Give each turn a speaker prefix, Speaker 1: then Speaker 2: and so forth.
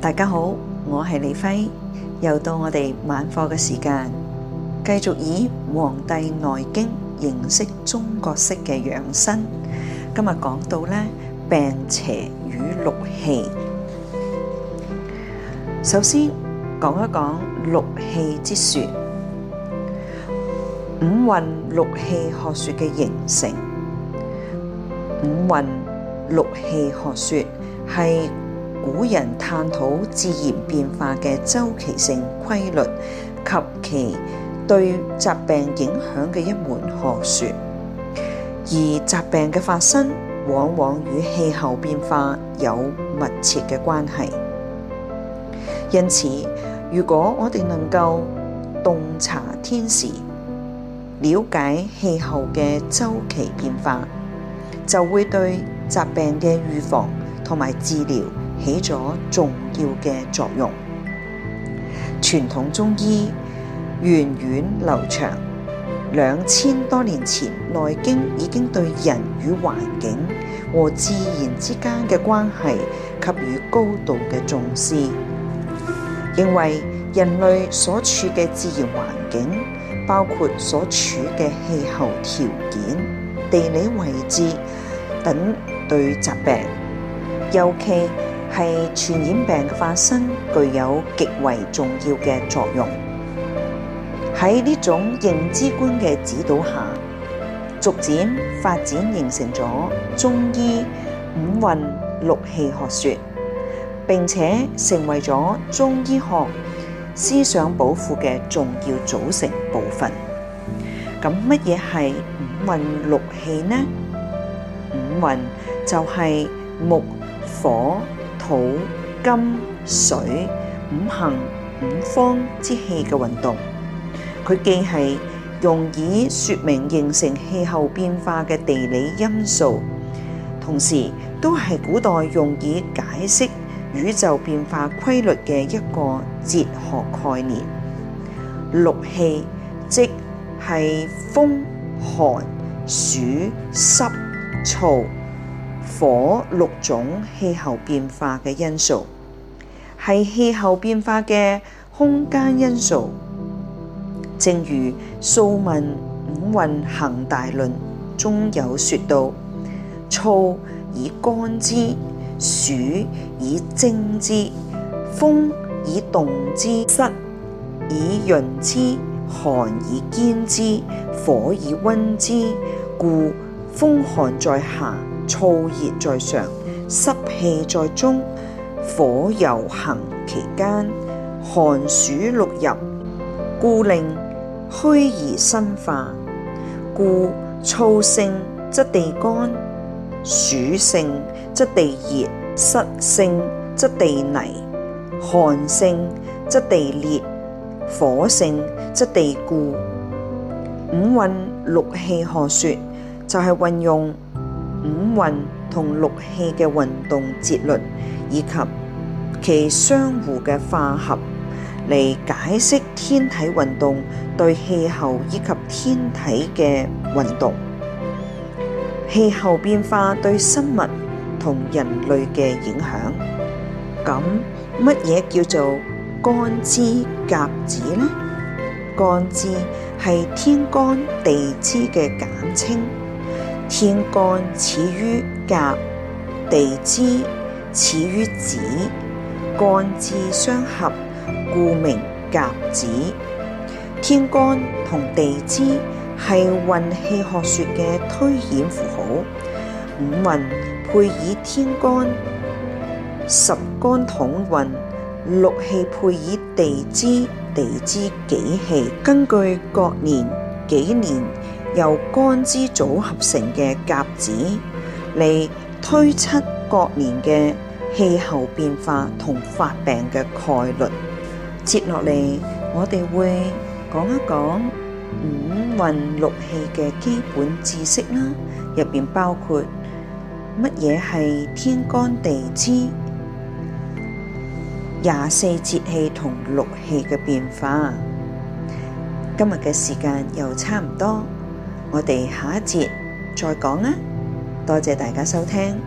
Speaker 1: 大家好，我係李輝，又到我哋晚課嘅時間，繼續以《黃帝內經》認識中國式嘅養生。今日講到呢病邪與六氣，首先講一講六氣之說，五運六氣學說嘅形成，五運六氣學說係。古人探討自然變化嘅周期性規律及其對疾病影響嘅一門學說，而疾病嘅發生往往與氣候變化有密切嘅關係。因此，如果我哋能夠洞察天時，了解氣候嘅周期變化，就會對疾病嘅預防同埋治療。起咗重要嘅作用。傳統中醫源遠流長，兩千多年前《內經》已經對人與環境和自然之間嘅關係給予高度嘅重視，認為人類所處嘅自然環境，包括所處嘅氣候條件、地理位置等，對疾病尤其係傳染病嘅發生具有極為重要嘅作用。喺呢種認知觀嘅指導下，逐漸發展形成咗中醫五運六氣學說，並且成為咗中醫學思想寶庫嘅重要組成部分。咁乜嘢係五運六氣呢？五運就係木、火。土、金、水五行、五方之氣嘅運動，佢既係用以說明形成氣候變化嘅地理因素，同時都係古代用以解釋宇宙變化規律嘅一個哲學概念。六氣即係風、寒、暑、濕、燥。火六種氣候變化嘅因素係氣候變化嘅空間因素，正如素《素問五運行大論》中有說到：燥以乾之，暑以蒸之，風以動之，濕以潤之，寒以堅之，火以溫之。故風寒在下。燥熱在上，濕氣在中，火遊行其間，寒暑六入，故令虛而生化。故燥性則地乾，暑性則地熱，濕性則地泥，寒性則地裂，火性則地固。五運六氣何說？就係、是、運用。五運同六氣嘅運動節律，以及其相互嘅化合，嚟解釋天體運動對氣候以及天體嘅運動。氣候變化對生物同人類嘅影響。咁乜嘢叫做干支甲子呢？干支係天干地支嘅簡稱。天干始於甲，地支始於子，干支相合，故名甲子。天干同地支係運氣學說嘅推演符號，五運配以天干，十干統運，六氣配以地支，地支紀氣，根據各年幾年。由干支組合成嘅甲子嚟推出各年嘅氣候變化同發病嘅概率。接落嚟，我哋會講一講五運六氣嘅基本知識啦。入邊包括乜嘢係天干地支、廿四節氣同六氣嘅變化。今日嘅時間又差唔多。我哋下一節再講啦，多謝大家收聽。